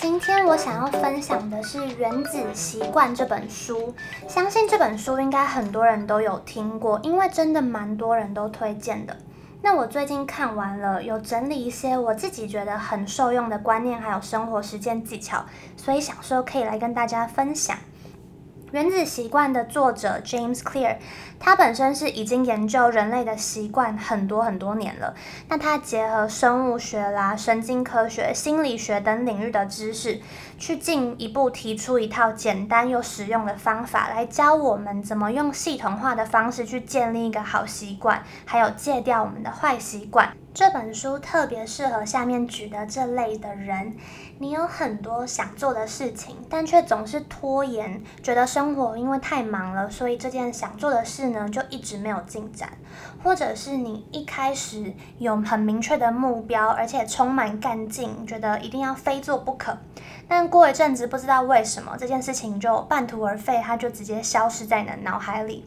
今天我想要分享的是《原子習慣》這本書，相信這本書應該很多人都有聽過，因為真的蠻多人都推薦的。那我最近看完了，有整理一些我自己覺得很受用的觀念，還有生活實踐技巧，所以想說可以來跟大家分享。《原子習慣》的作者 James Clear，他本身是已經研究人類的習慣很多很多年了。那他結合生物學啦、神經科學、心理學等領域的知識，去進一步提出一套簡單又實用的方法，來教我們怎麼用系統化的方式去建立一個好習慣，還有戒掉我們的壞習慣。這本書特別適合下面舉的這類的人。你有很多想做的事情，但卻總是拖延，覺得生活因為太忙了，所以這件想做的事呢就一直沒有進展。或者是你一開始有很明確的目標，而且充滿幹勁，覺得一定要非做不可，但過一陣子不知道為什麼這件事情就半途而廢，它就直接消失在你的腦海裡。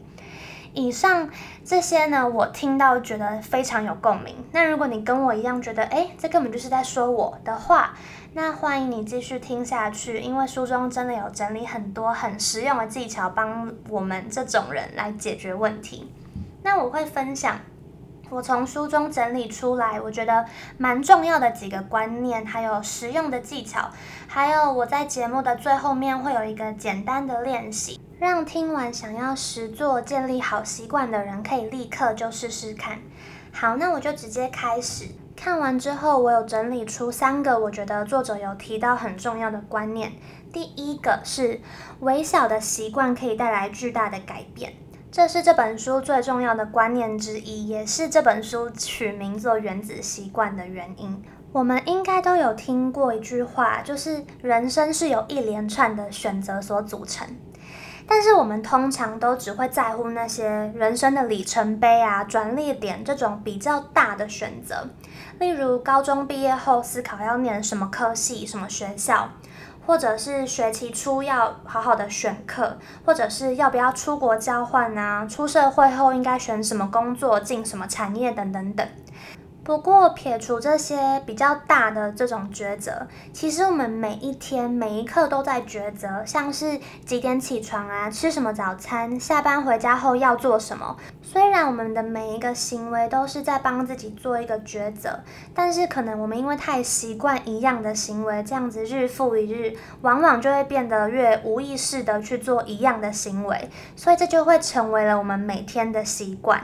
以上這些呢，我聽到覺得非常有共鳴。那如果你跟我一樣覺得，哎，這根本就是在說我的話，那歡迎你繼續聽下去，因為書中真的有整理很多很實用的技巧，幫我們這種人來解決問題。那我會分享我從書中整理出來，我覺得蠻重要的幾個觀念，還有實用的技巧，還有我在節目的最後面會有一個簡單的練習。讓聽完想要實作建立好習慣的人可以立刻就試試看。好，那我就直接開始。看完之後，我有整理出三個我覺得作者有提到很重要的觀念。第一個是微小的習慣可以帶來巨大的改變，這是這本書最重要的觀念之一，也是這本書取名做原子習慣的原因。我們應該都有聽過一句話，就是人生是由一連串的選擇所組成。但是我們通常都只會在乎那些人生的里程碑啊、轉捩點這種比較大的選擇，例如高中畢業後思考要念什麼科系、什麼學校，或者是學期初要好好的選課，或者是要不要出國交換啊，出社會後應該選什麼工作、進什麼產業等等等。不過，撇除這些比較大的這種抉擇，其實我們每一天每一刻都在抉擇，像是幾點起床啊，吃什麼早餐，下班回家後要做什麼。雖然我們的每一個行為都是在幫自己做一個抉擇，但是可能我們因為太習慣一樣的行為，這樣子日復一日，往往就會變得越無意識地去做一樣的行為，所以這就會成為了我們每天的習慣。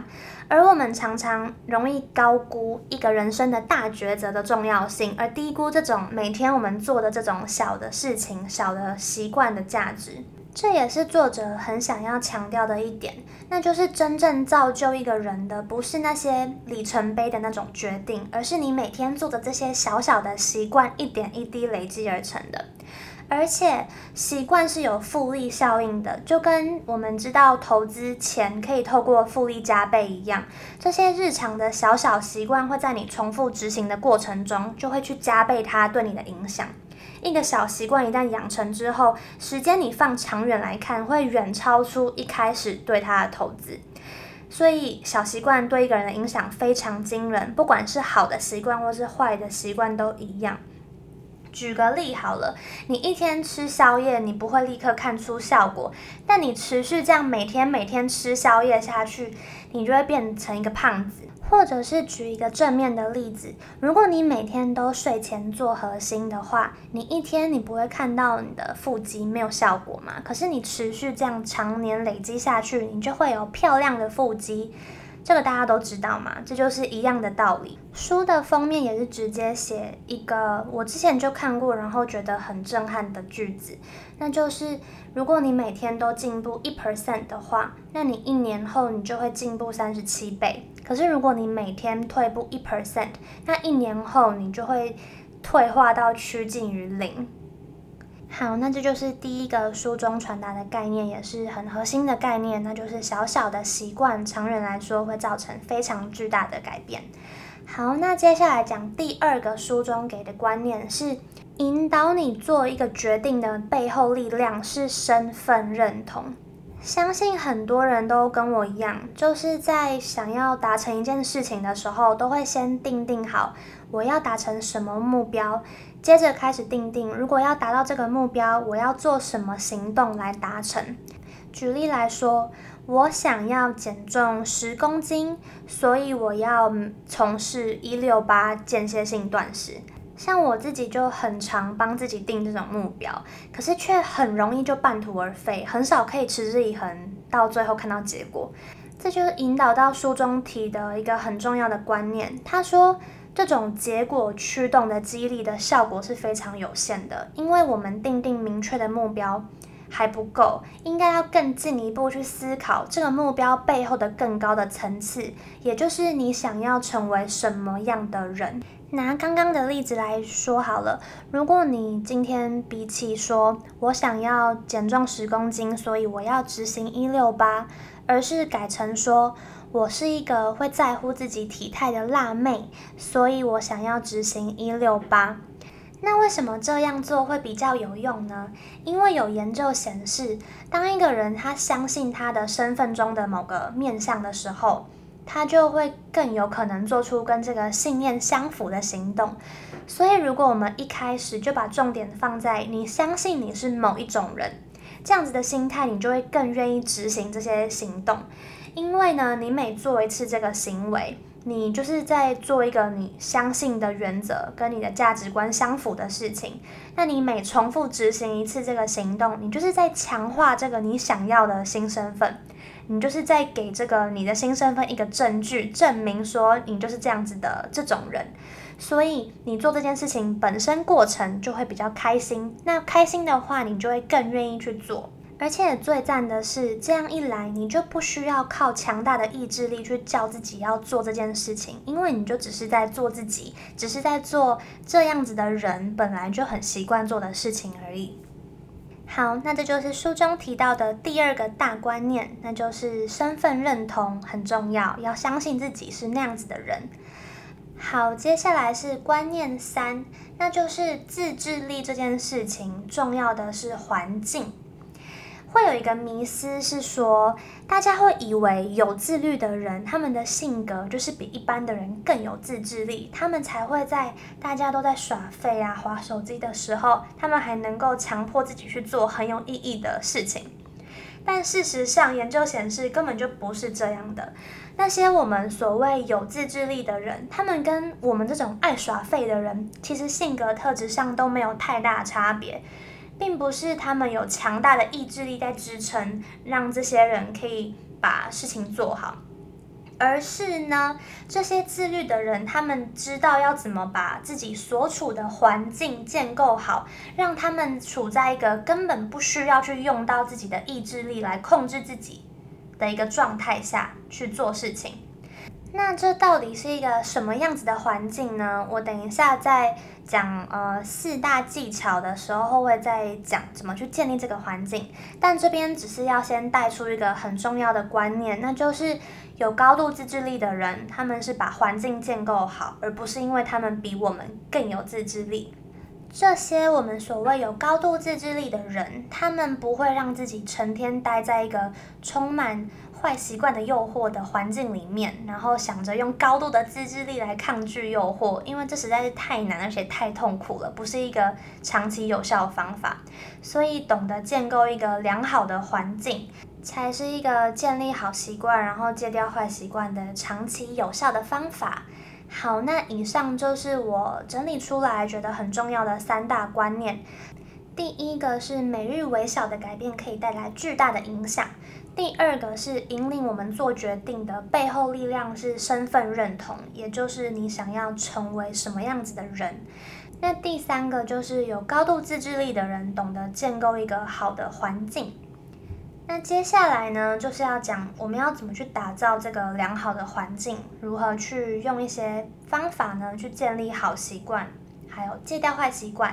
而我們常常容易高估一個人生的大抉擇的重要性，而低估這種每天我們做的這種小的事情、小的習慣的價值。這也是作者很想要強調的一點，那就是真正造就一個人的，不是那些里程碑的那種決定，而是你每天做的這些小小的習慣，一點一滴累積而成的。而且習慣是有複利效應的，就跟我們知道投資錢可以透過複利加倍一樣，這些日常的小小習慣會在你重複執行的過程中，就會去加倍它對你的影響。一個小習慣一旦養成之後，時間你放長遠來看，會遠超出一開始對它的投資。所以小習慣對一個人的影響非常驚人，不管是好的習慣或是壞的習慣都一樣。舉個例好了，你一天吃宵夜，你不會立刻看出效果，但你持續這樣每天每天吃宵夜下去，你就會變成一個胖子。或者是舉一個正面的例子，如果你每天都睡前做核心的話，你一天你不會看到你的腹肌沒有效果嗎？可是你持續這樣常年累積下去，你就會有漂亮的腹肌。這個大家都知道嘛，這就是一樣的道理。書的封面也是直接寫一個我之前就看過，然後覺得很震撼的句子，那就是如果你每天都進步一 percent 的話，那你一年後你就會進步三十七倍。可是如果你每天退步一 percent，那一年後你就會退化到趨近於零。好，那這就是第一個書中傳達的概念，也是很核心的概念，那就是小小的習慣，長遠來說會造成非常巨大的改變。好，那接下來講第二個書中給的觀念是，引導你做一個決定的背後力量是身份認同。相信很多人都跟我一樣，就是在想要達成一件事情的時候，都會先定定好我要達成什麼目標。接着開始定定，如果要達到這個目標，我要做什麼行動來達成？舉例來說，我想要減重十公斤，所以我要從事一六八間歇性斷食。像我自己就很常幫自己定這種目標，可是卻很容易就半途而廢，很少可以持之以恆，到最後看到結果。這就是引導到書中提的一個很重要的觀念，他說。這種結果驅動的激勵的效果是非常有限的，因為我們訂定明確的目標還不夠，應該要更進一步去思考這個目標背後的更高的層次，也就是你想要成為什麼樣的人。拿剛剛的例子來說好了，如果你今天比起說我想要減重十公斤，所以我要執行一六八，而是改成說，我是一個會在乎自己體態的辣妹，所以我想要執行一六八。那為什麼這樣做會比較有用呢？因為有研究顯示，當一個人他相信他的身份中的某個面向的時候，他就會更有可能做出跟這個信念相符的行動。所以，如果我們一開始就把重點放在你相信你是某一種人這樣子的心態，你就會更願意執行這些行動。因為呢，你每做一次這個行為，你就是在做一個你相信的原則跟你的價值觀相符的事情。那你每重複執行一次這個行動，你就是在強化這個你想要的新身份。你就是在給這個你的新身份一個證據，證明說你就是這樣子的這種人。所以你做這件事情本身過程就會比較開心。那開心的話，你就會更願意去做。而且最讚的是，這樣一來，你就不需要靠強大的意志力去叫自己要做這件事情，因為你就只是在做自己，只是在做這樣子的人本來就很習慣做的事情而已。好，那這就是書中提到的第二個大觀念，那就是身份認同很重要，要相信自己是那樣子的人。好，接下來是觀念三，那就是自制力這件事情，重要的是環境。會有一個迷思是說，大家會以為有自律的人，他們的性格就是比一般的人更有自制力，他們才會在大家都在耍廢啊、滑手機的時候，他們還能夠強迫自己去做很有意義的事情。但事實上，研究顯示根本就不是這樣的。那些我們所謂有自制力的人，他們跟我們這種愛耍廢的人，其實性格特質上都沒有太大差別。並不是他們有強大的意志力在支撐，讓這些人可以把事情做好，而是呢，這些自律的人，他們知道要怎麼把自己所處的環境建構好，讓他們處在一個根本不需要去用到自己的意志力來控制自己的一個狀態下去做事情。那這到底是一個什麼樣子的環境呢？我等一下在講呃四大技巧的時候會再講怎麼去建立這個環境，但這邊只是要先帶出一個很重要的觀念，那就是有高度自制力的人，他們是把環境建構好，而不是因為他們比我們更有自制力。這些我們所謂有高度自制力的人，他們不會讓自己成天待在一個充滿壞習慣的誘惑的環境裡面，然後想着用高度的自制力來抗拒誘惑，因為這實在是太難，而且太痛苦了，不是一個長期有效的方法。所以，懂得建構一個良好的環境，才是一個建立好習慣，然後戒掉壞習慣的長期有效的方法。好，那以上就是我整理出來覺得很重要的三大觀念。第一個是每日微小的改變可以帶來巨大的影響。第二個是引領我們做決定的背後力量，是身份認同，也就是你想要成為什麼樣子的人。那第三個就是有高度自制力的人懂得建構一個好的環境。那接下來呢，就是要講我們要怎麼去打造這個良好的環境，如何去用一些方法呢，去建立好習慣，還有戒掉壞習慣。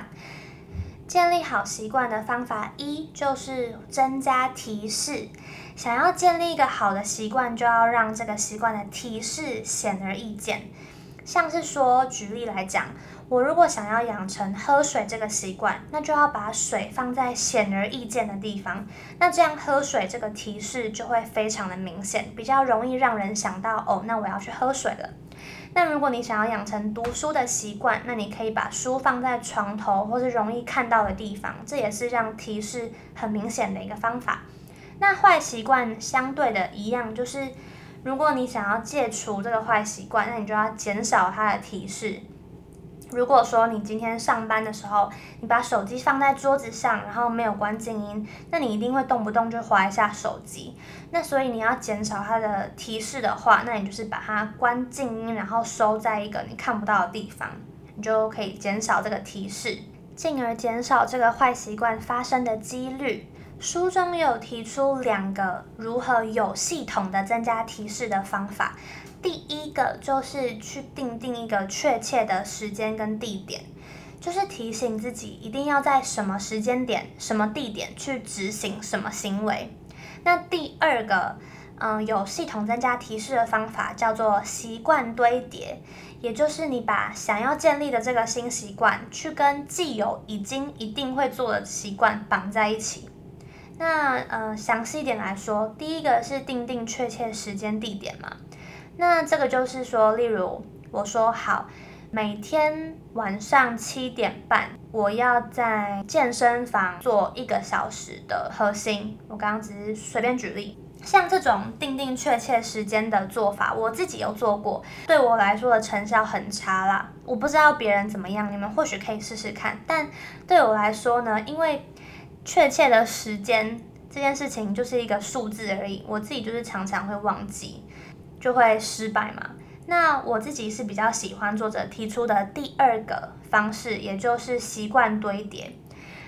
建立好習慣的方法一就是增加提示。想要建立一個好的習慣，就要讓這個習慣的提示顯而易見。像是說，舉例來講，我如果想要養成喝水這個習慣，那就要把水放在顯而易見的地方。那這樣喝水這個提示就會非常的明顯，比較容易讓人想到哦，那我要去喝水了。那如果你想要養成讀書的習慣，那你可以把書放在床頭或是容易看到的地方，這也是讓提示很明顯的一個方法。那壞習慣相對的一樣，就是如果你想要戒除這個壞習慣，那你就要減少它的提示。如果說你今天上班的時候，你把手機放在桌子上，然後沒有關靜音，那你一定會動不動就滑一下手機。那所以你要減少它的提示的話，那你就是把它關靜音，然後收在一個你看不到的地方，你就可以減少這個提示，進而減少這個壞習慣發生的幾率。書中有提出兩個如何有系統的增加提示的方法。第一個就是去定定一個確切的時間跟地點，就是提醒自己一定要在什麼時間點、什麼地點去執行什麼行為。那第二個，嗯、呃，有系統增加提示的方法叫做習慣堆疊，也就是你把想要建立的這個新習慣，去跟既有已經一定會做的習慣綁在一起。那呃，詳細一點來說，第一個是定定確切時間地點嘛。那這個就是說，例如我說好，每天晚上七點半，我要在健身房做一個小時的核心。我剛剛只是隨便舉例，像這種定定確切時間的做法，我自己有做過，對我來說的成效很差啦。我不知道別人怎麼樣，你們或許可以試試看。但對我來說呢，因為確切的時間這件事情就是一個數字而已，我自己就是常常會忘記。就會失敗嘛。那我自己是比較喜歡作者提出的第二個方式，也就是習慣堆疊。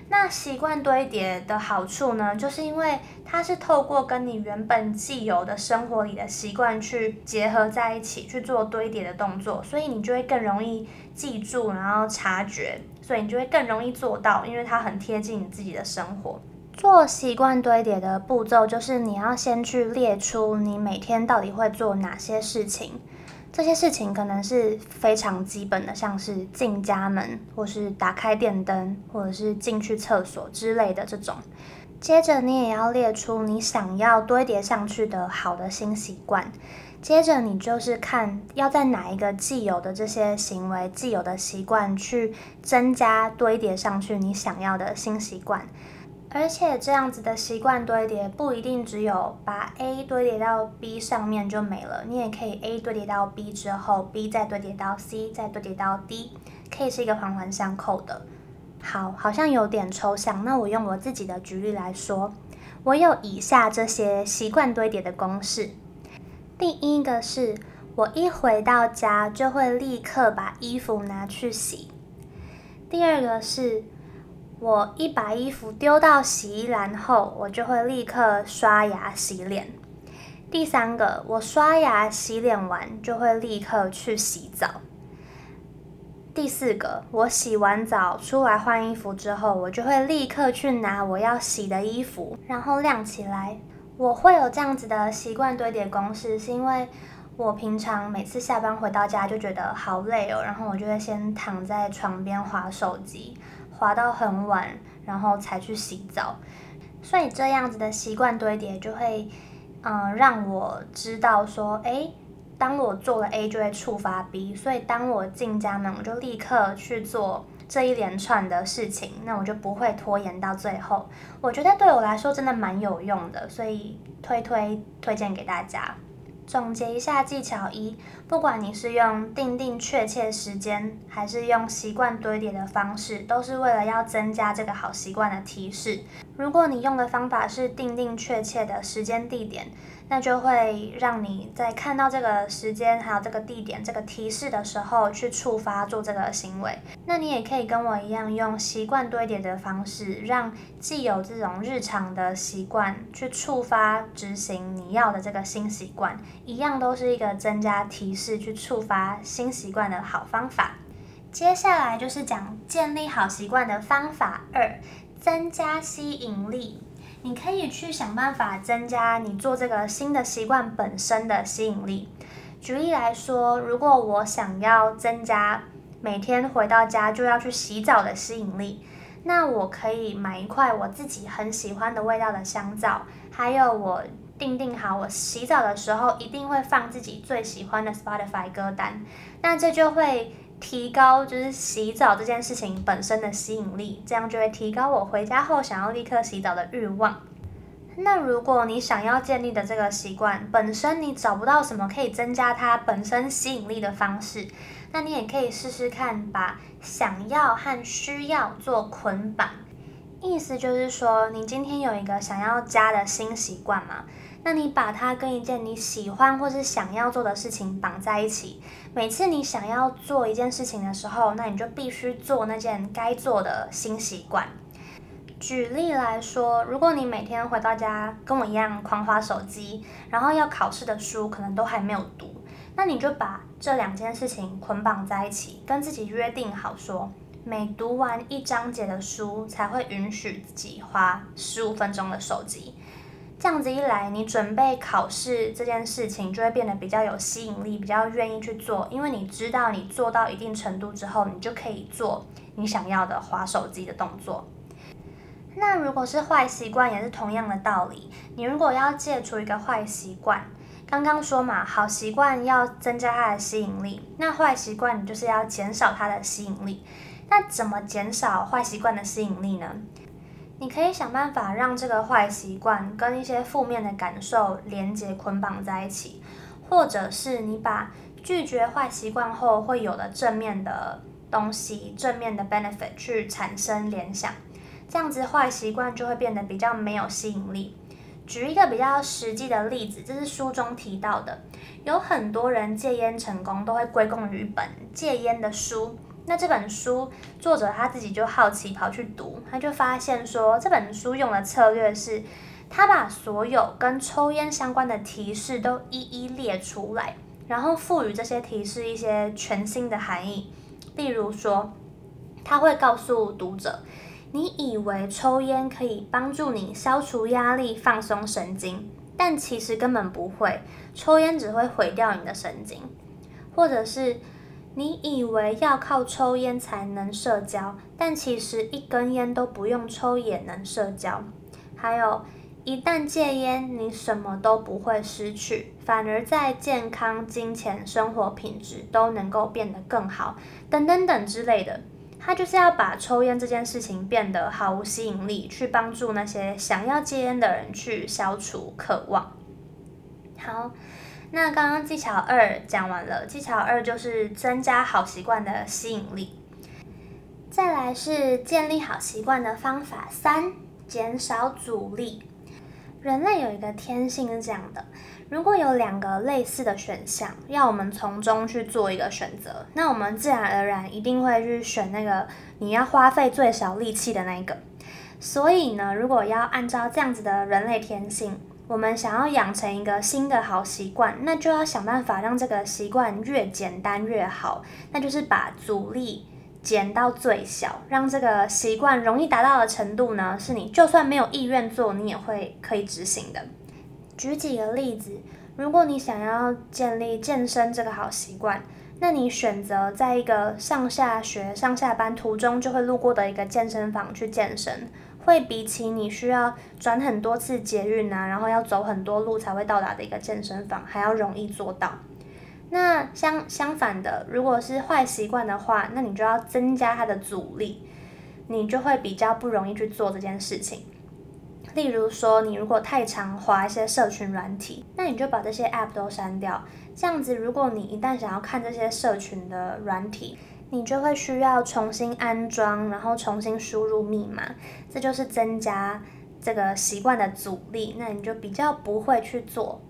那習慣堆疊的好處呢，就是因為它是透過跟你原本既有的生活裡的習慣去結合在一起去做堆疊的動作，所以你就會更容易記住，然後察覺，所以你就會更容易做到，因為它很貼近你自己的生活。做習慣堆疊的步驟，就是你要先去列出你每天到底會做哪些事情。這些事情可能是非常基本的，像是進家門，或是打開電燈，或者是進去廁所之類的這種。接着你也要列出你想要堆疊上去的好的新習慣。接着你就是看要在哪一個既有的這些行為、既有的習慣去增加堆疊上去你想要的新習慣。而且這樣子的習慣堆疊不一定只有把 A 堆疊到 B 上面就沒了，你也可以 A 堆疊到 B 之後，B 再堆疊到 C，再堆疊到 D，可以是一個環環相扣的。好，好像有點抽象。那我用我自己的舉例來說，我有以下這些習慣堆疊的公式。第一個是，我一回到家就會立刻把衣服拿去洗。第二個是。我一把衣服丟到洗衣籃後，我就會立刻刷牙洗臉。第三個，我刷牙洗臉完就會立刻去洗澡。第四個，我洗完澡出來換衣服之後，我就會立刻去拿我要洗的衣服，然後晾起來。我會有這樣子的習慣堆疊公式，是因為我平常每次下班回到家就覺得好累哦，然後我就會先躺在床邊滑手機。滑到很晚，然後才去洗澡，所以這樣子的習慣堆疊就會，嗯、呃，讓我知道說，誒當我做了 A 就會觸發 B，所以當我進家門，我就立刻去做這一連串的事情，那我就不會拖延到最後。我覺得對我來說真的蠻有用的，所以推推推薦給大家。總結一下技巧一。不管你是用訂定確切時間，還是用習慣堆疊的方式，都是為了要增加這個好習慣的提示。如果你用的方法是訂定確切的時間地點，那就會讓你在看到這個時間還有這個地點這個提示的時候，去觸發做這個行為。那你也可以跟我一樣用習慣堆疊的方式，讓既有這種日常的習慣去觸發執行你要的這個新習慣，一樣都是一個增加提示，是去觸發新習慣的好方法。接下來就是講建立好習慣的方法二：增加吸引力。你可以去想辦法增加你做這個新的習慣本身的吸引力。舉例來說，如果我想要增加每天回到家就要去洗澡的吸引力，那我可以買一塊我自己很喜歡的味道的香皂，還有我。定定好，我洗澡的時候一定會放自己最喜歡的 Spotify 歌單，那這就會提高就是洗澡這件事情本身的吸引力，這樣就會提高我回家後想要立刻洗澡的慾望。那如果你想要建立的這個習慣本身你找不到什麼可以增加它本身吸引力的方式，那你也可以試試看把想要和需要做捆綁，意思就是說你今天有一個想要加的新習慣嘛。那你把它跟一件你喜歡或是想要做的事情綁在一起。每次你想要做一件事情的時候，那你就必須做那件該做的新習慣。舉例來說，如果你每天回到家跟我一樣狂刷手機，然後要考試的書可能都還沒有讀，那你就把這兩件事情捆綁在一起，跟自己約定好說，每讀完一章節的書，才會允許自己刷十五分鐘的手機。這樣子一來，你準備考試這件事情就會變得比較有吸引力，比較願意去做，因為你知道你做到一定程度之後，你就可以做你想要的滑手機的動作。那如果是壞習慣，也是同樣的道理。你如果要戒除一個壞習慣，剛剛說嘛，好習慣要增加它的吸引力，那壞習慣你就是要減少它的吸引力。那怎麼減少壞習慣的吸引力呢？你可以想辦法讓這個壞習慣跟一些負面的感受連結捆綁在一起，或者是你把拒絕壞習慣後會有的正面的東西、正面的 benefit 去產生聯想，這樣子壞習慣就會變得比較沒有吸引力。舉一個比較實際的例子，這是書中提到的，有很多人戒菸成功都會歸功於一本戒菸的書。那這本書作者他自己就好奇跑去讀，他就發現說這本書用的策略是，他把所有跟抽菸相關的提示都一一列出來，然後賦予這些提示一些全新的含義。例如說，他會告訴讀者，你以為抽菸可以幫助你消除壓力、放鬆神經，但其實根本不會，抽菸只會毀掉你的神經，或者是。你以為要靠抽菸才能社交，但其實一根菸都不用抽也能社交。還有，一旦戒菸，你什麼都不會失去，反而在健康、金錢、生活品質都能夠變得更好，等等等之類的。他就是要把抽菸這件事情變得毫無吸引力，去幫助那些想要戒菸的人去消除渴望。好。那剛剛技巧二講完了，技巧二就是增加好習慣的吸引力。再來是建立好習慣的方法三，減少阻力。人類有一個天性是這樣的，如果有兩個類似的選項，要我們從中去做一個選擇，那我們自然而然一定會去選那個你要花費最少力氣的那個。所以呢，如果要按照這樣子的人類天性。我們想要養成一個新的好習慣，那就要想辦法讓這個習慣越簡單越好。那就是把阻力減到最小，讓這個習慣容易達到的程度呢，是你就算沒有意願做，你也會可以執行的。舉幾個例子，如果你想要建立健身這個好習慣，那你選擇在一個上下學、上下班途中就會路過的一個健身房去健身，會比起你需要轉很多次捷運啊，然後要走很多路才會到達的一個健身房還要容易做到。那相相反的，如果是壞習慣的話，那你就要增加它的阻力，你就會比較不容易去做這件事情。例如說，你如果太常滑一些社群軟體，那你就把這些 App 都刪掉。這樣子，如果你一旦想要看這些社群的軟體，你就會需要重新安裝，然後重新輸入密碼，這就是增加這個習慣的阻力。那你就比較不會去做。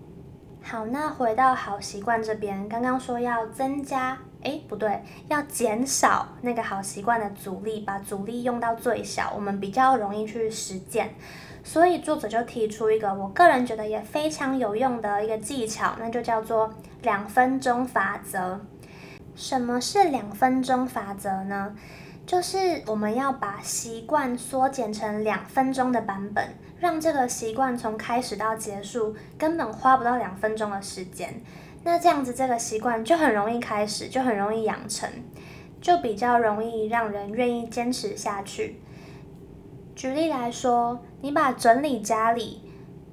好，那回到好習慣這邊，剛剛說要增加，誒，不對，要減少那個好習慣的阻力，把阻力用到最小，我們比較容易去實踐。所以作者就提出一個，我個人覺得也非常有用的一個技巧，那就叫做兩分鐘法則。什麼是兩分鐘法則呢？就是我們要把習慣縮減成兩分鐘的版本，讓這個習慣從開始到結束根本花不到兩分鐘的時間。那這樣子，這個習慣就很容易開始，就很容易養成，就比較容易讓人願意堅持下去。舉例來說，你把整理家裡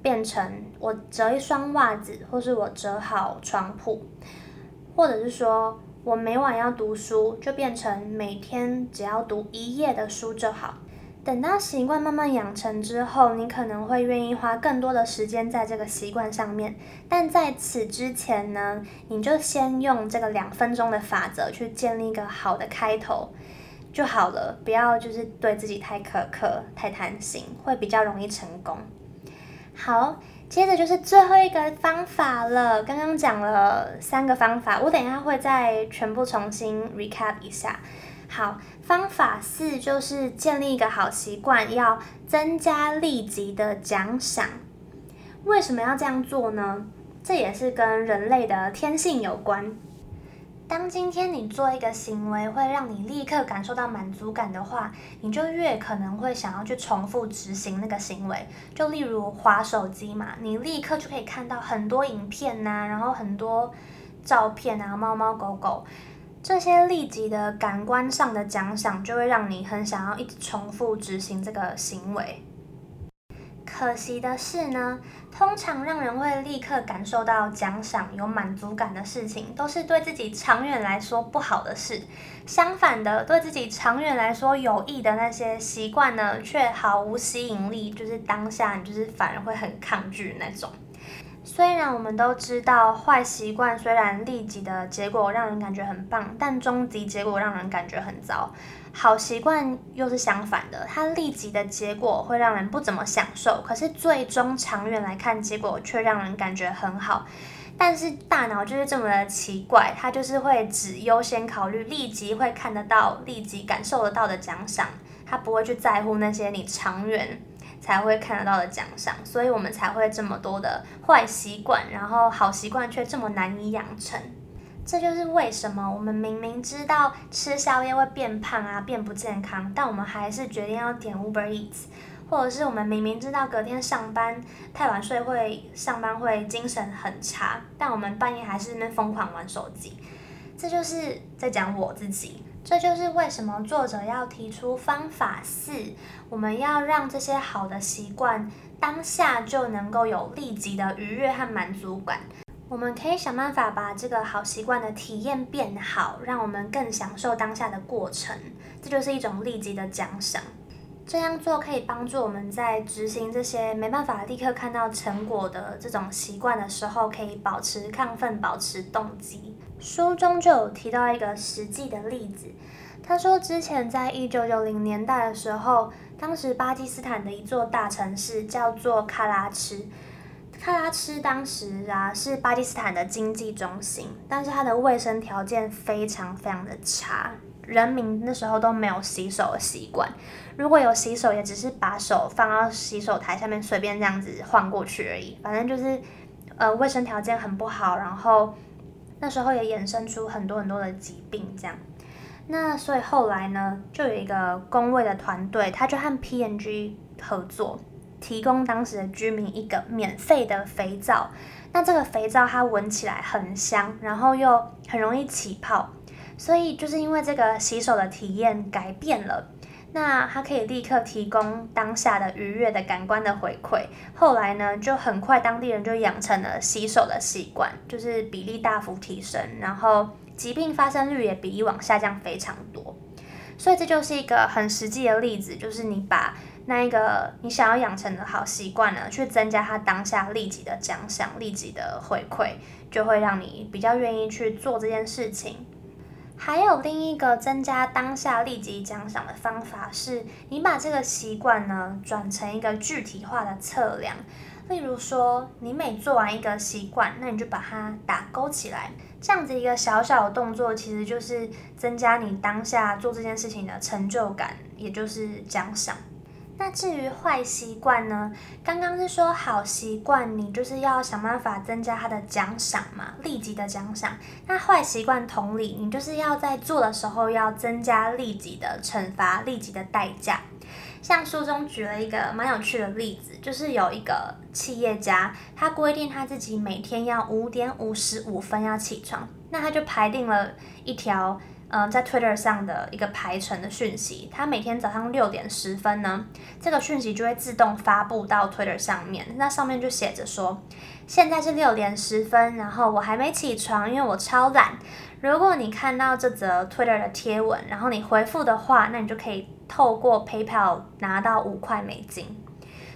變成我折一雙襪子，或是我折好床鋪，或者是說。我每晚要讀書，就變成每天只要讀一頁的書就好。等到習慣慢慢養成之後，你可能會願意花更多的時間在這個習慣上面。但在此之前呢，你就先用這個兩分鐘的法則去建立一個好的開頭就好了，不要就是對自己太苛刻、太貪心，會比較容易成功。好。接着就是最後一個方法了。剛剛講了三個方法，我等一下會再全部重新 recap 一下。好，方法四就是建立一個好習慣，要增加立即的獎賞。為什麼要這樣做呢？這也是跟人類的天性有關。當今天你做一個行為，會讓你立刻感受到滿足感的話，你就越可能會想要去重複執行那個行為。就例如滑手機嘛，你立刻就可以看到很多影片啊，然後很多照片啊，貓貓狗狗，這些立即的感官上的獎賞，就會讓你很想要一直重複執行這個行為。可惜的是呢，通常讓人會立刻感受到獎賞、有滿足感的事情，都是對自己長遠來說不好的事。相反的，對自己長遠來說有益的那些習慣呢，卻毫無吸引力，就是當下你就是反而會很抗拒那種。雖然我們都知道，壞習慣雖然立即的結果讓人感覺很棒，但終極結果讓人感覺很糟。好習慣又是相反的，它立即的結果會讓人不怎麼享受，可是最終長遠來看，結果卻讓人感覺很好。但是大腦就是這麼的奇怪，它就是會只優先考慮立即會看得到、立即感受得到的獎賞，它不會去在乎那些你長遠。才會看得到的獎賞，所以我們才會這麼多的壞習慣，然後好習慣卻這麼難以養成。這就是為什麼我們明明知道吃宵夜會變胖啊，變不健康，但我們還是決定要點 Uber Eats；或者是我們明明知道隔天上班太晚睡會上班會精神很差，但我們半夜還是在那瘋狂玩手機。這就是在講我自己。這就是為什麼作者要提出方法四，我們要讓這些好的習慣當下就能夠有立即的愉悅和滿足感。我們可以想辦法把這個好習慣的體驗變好，讓我們更享受當下的過程，這就是一種立即的獎賞。這樣做可以幫助我們在執行這些沒辦法立刻看到成果的這種習慣的時候，可以保持亢奮，保持動機。書中就有提到一個實際的例子，他說之前在一九九零年代的時候，當時巴基斯坦的一座大城市叫做卡拉奇，卡拉奇當時啊是巴基斯坦的經濟中心，但是它的衛生條件非常非常的差，人民那時候都沒有洗手的習慣。如果有洗手，也只是把手放到洗手台下面，隨便這樣子晃過去而已。反正就是呃衛生條件很不好，然後那時候也衍生出很多很多的疾病。這樣，那所以後來呢，就有一個公衛的團隊，他就和 P&G 合作，提供當時的居民一個免費的肥皂。那這個肥皂它聞起來很香，然後又很容易起泡，所以就是因為這個洗手的體驗改變了。那他可以立刻提供當下的愉悅的感官的回饋。後來呢，就很快當地人就養成了洗手的習慣，就是比例大幅提升，然後疾病發生率也比以往下降非常多，所以這就是一個很實際的例子，就是你把那一個你想要養成的好習慣呢，去增加他當下立即的獎賞、立即的回饋，就會讓你比較願意去做這件事情。還有另一個增加當下立即獎賞的方法是，你把這個習慣呢轉成一個具體化的測量，例如說，你每做完一個習慣，那你就把它打勾起來，這樣子一個小小的動作，其實就是增加你當下做這件事情的成就感，也就是獎賞。那至於壞習慣呢？剛剛是說好習慣，你就是要想辦法增加他的獎賞嘛，立即的獎賞。那壞習慣同理，你就是要在做的時候要增加立即的懲罰，立即的代價。像書中舉了一個蠻有趣的例子，就是有一個企業家，他規定他自己每天要五點五十五分要起床，那他就排定了一條。嗯、呃，在 Twitter 上的一個排程的訊息，它每天早上六點十分呢，這個訊息就會自動發布到 Twitter 上面。那上面就寫着說，現在是六點十分，然後我還沒起床，因為我超懶。如果你看到這則 Twitter 的貼文，然後你回復的話，那你就可以透過 PayPal 拿到五塊美金。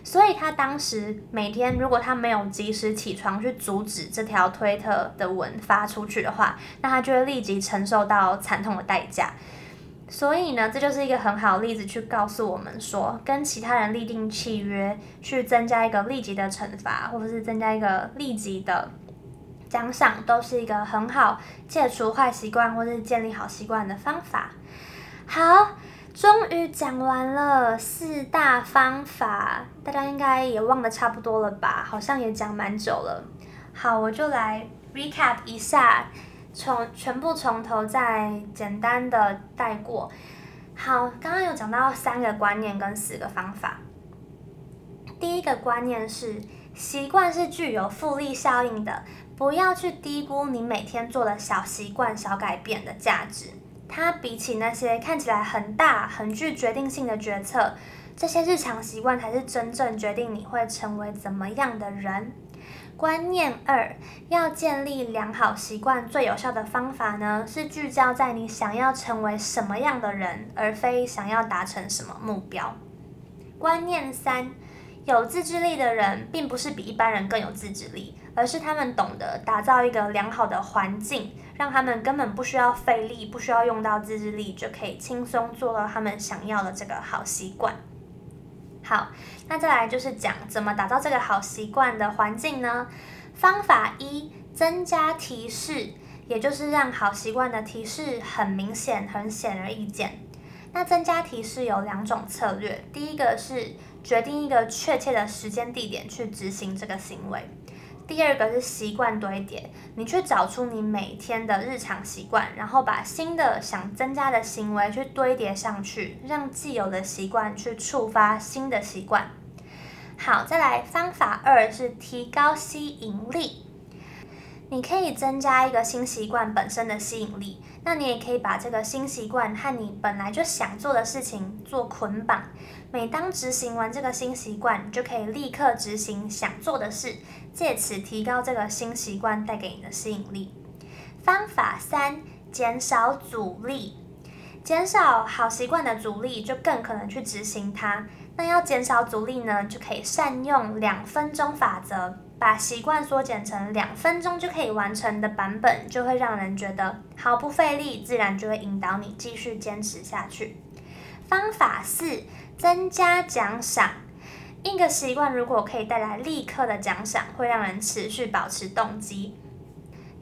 所以他當時每天，如果他沒有及時起床去阻止這條推特的文發出去的話，那他就會立即承受到慘痛的代價。所以呢，這就是一個很好的例子，去告訴我們說，跟其他人立定契約，去增加一個立即的懲罰，或者是增加一個立即的獎賞，都是一個很好戒除壞習慣，或是建立好習慣的方法。好。終於講完了四大方法，大家應該也忘得差不多了吧？好像也講蠻久了。好，我就來 recap 一下，從全部從頭再簡單的帶過。好，剛剛有講到三個觀念跟四個方法。第一個觀念是，習慣是具有複利效應的，不要去低估你每天做的小習慣、小改變的價值。它比起那些看起來很大、很具決定性的決策，這些日常習慣才是真正決定你會成為怎麼樣的人。觀念二，要建立良好習慣最有效的方法呢，是聚焦在你想要成為什麼樣的人，而非想要達成什麼目標。觀念三，有自制力的人並不是比一般人更有自制力，而是他們懂得打造一個良好的環境。讓他們根本不需要費力，不需要用到自制力，就可以輕鬆做到他們想要的這個好習慣。好，那再來就是講怎麼打造這個好習慣的環境呢？方法一，增加提示，也就是讓好習慣的提示很明顯、很顯而易見。那增加提示有兩種策略，第一個是決定一個確切的時間地點去執行這個行為。第二個是習慣堆疊，你去找出你每天的日常習慣，然後把新的想增加的行為去堆疊上去，讓既有的習慣去觸發新的習慣。好，再來方法二是提高吸引力，你可以增加一個新習慣本身的吸引力。那你也可以把這個新習慣和你本來就想做的事情做捆綁，每當執行完這個新習慣，你就可以立刻執行想做的事，借此提高這個新習慣帶給你的吸引力。方法三：減少阻力，減少好習慣的阻力，就更可能去執行它。那要減少阻力呢，就可以善用兩分鐘法則。把習慣縮減成兩分鐘就可以完成的版本，就會讓人覺得毫不費力，自然就會引導你繼續堅持下去。方法四：增加獎賞。一個習慣如果可以帶來立刻的獎賞，會讓人持續保持動機。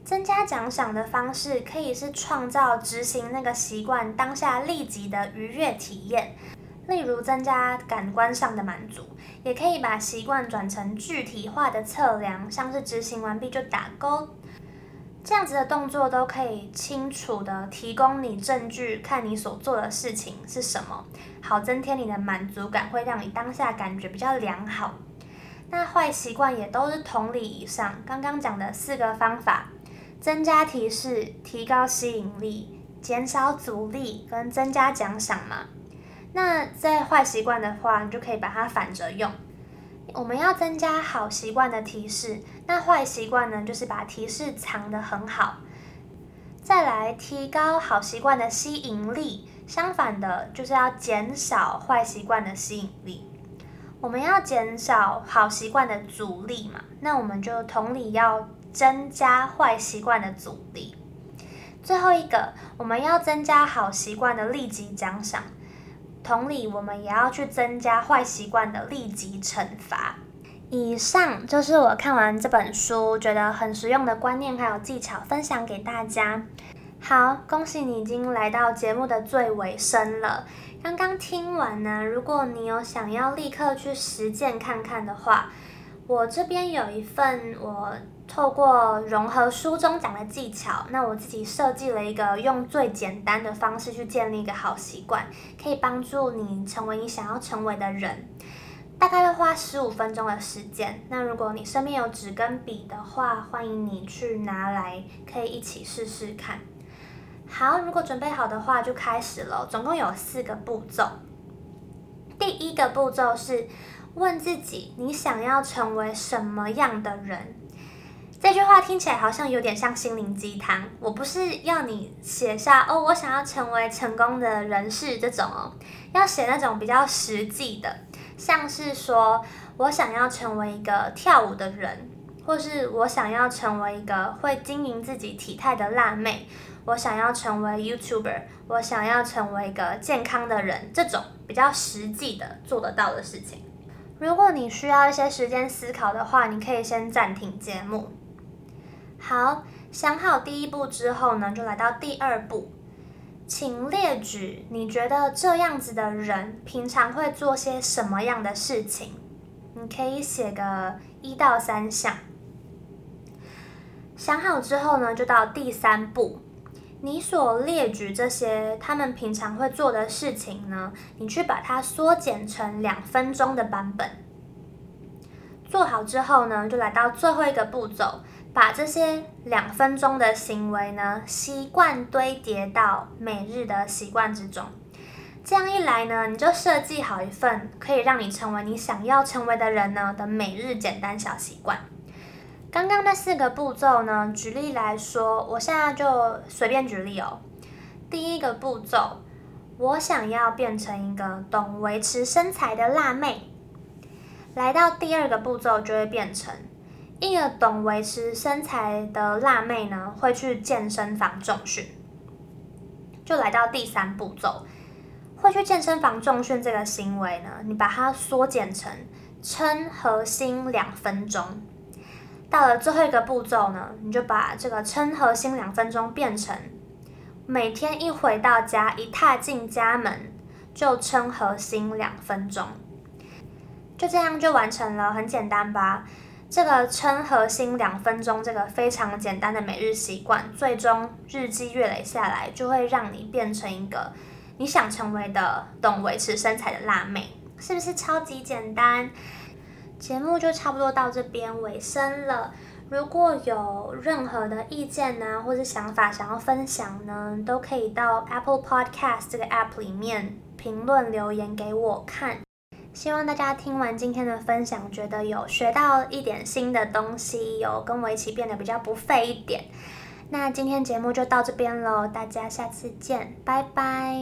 增加獎賞的方式可以是創造執行那個習慣當下立即的愉悅體驗。例如增加感官上的滿足，也可以把習慣轉成具體化的測量，像是執行完畢就打勾，這樣子的動作都可以清楚的提供你證據，看你所做的事情是什麼，好增添你的滿足感，會讓你當下感覺比較良好。那壞習慣也都是同理以上剛剛講的四個方法：增加提示、提高吸引力、減少阻力跟增加獎賞嘛。那在壞習慣的話，你就可以把它反着用。我們要增加好習慣的提示，那壞習慣呢，就是把提示藏得很好。再來提高好習慣的吸引力，相反的就是要減少壞習慣的吸引力。我們要減少好習慣的阻力嘛，那我們就同理要增加壞習慣的阻力。最後一個，我們要增加好習慣的立即獎賞。同理，我們也要去增加壞習慣的立即懲罰。以上就是我看完這本書覺得很實用的觀念還有技巧，分享給大家。好，恭喜你已經來到節目的最尾聲了。剛剛聽完呢，如果你有想要立刻去實踐看看的話，我這邊有一份我。透過融合書中講的技巧，那我自己設計了一個用最簡單的方式去建立一個好習慣，可以幫助你成為你想要成為的人。大概要花十五分鐘的時間。那如果你身邊有紙跟筆的話，歡迎你去拿來，可以一起試試看。好，如果準備好的話，就開始了。總共有四個步驟。第一個步驟是問自己，你想要成為什麼樣的人？這句話聽起來好像有點像心靈雞湯。我不是要你寫下哦，我想要成為成功的人士這種哦，要寫那種比較實際的，像是說我想要成為一個跳舞的人，或是我想要成為一個會經營自己體態的辣妹，我想要成為 YouTuber，我想要成為一個健康的人這種比較實際的做得到的事情。如果你需要一些時間思考的話，你可以先暫停節目。好，想好第一步之後呢，就來到第二步，請列舉你覺得這樣子的人平常會做些什麼樣的事情？你可以寫個一到三項。想好之後呢，就到第三步，你所列舉這些他們平常會做的事情呢，你去把它縮減成兩分鐘的版本。做好之後呢，就來到最後一個步驟。把這些兩分鐘的行為呢，習慣堆疊到每日的習慣之中。這樣一來呢，你就設計好一份可以讓你成為你想要成為的人呢的每日簡單小習慣。剛剛那四個步驟呢，舉例來說，我現在就隨便舉例哦。第一個步驟，我想要變成一個懂維持身材的辣妹。來到第二個步驟就會變成。一個懂維持身材的辣妹呢，會去健身房重訓。就來到第三步驟，會去健身房重訓這個行為呢，你把它縮減成撐核心兩分鐘。到了最後一個步驟呢，你就把這個撐核心兩分鐘變成每天一回到家，一踏進家門就撐核心兩分鐘，就這樣就完成了，很簡單吧！這個撐核心兩分鐘，這個非常簡單的每日習慣，最終日積月累下來，就會讓你變成一個你想成為的、懂維持身材的辣妹，是不是超級簡單？節目就差不多到這邊尾聲了。如果有任何的意見吶、啊，或者想法想要分享呢，都可以到 Apple Podcast 這個 App 裡面評論留言給我看。希望大家聽完今天的分享，覺得有學到一點新的東西，有跟我一起變得比較不廢一點。那今天節目就到這邊嘍，大家下次見，拜拜。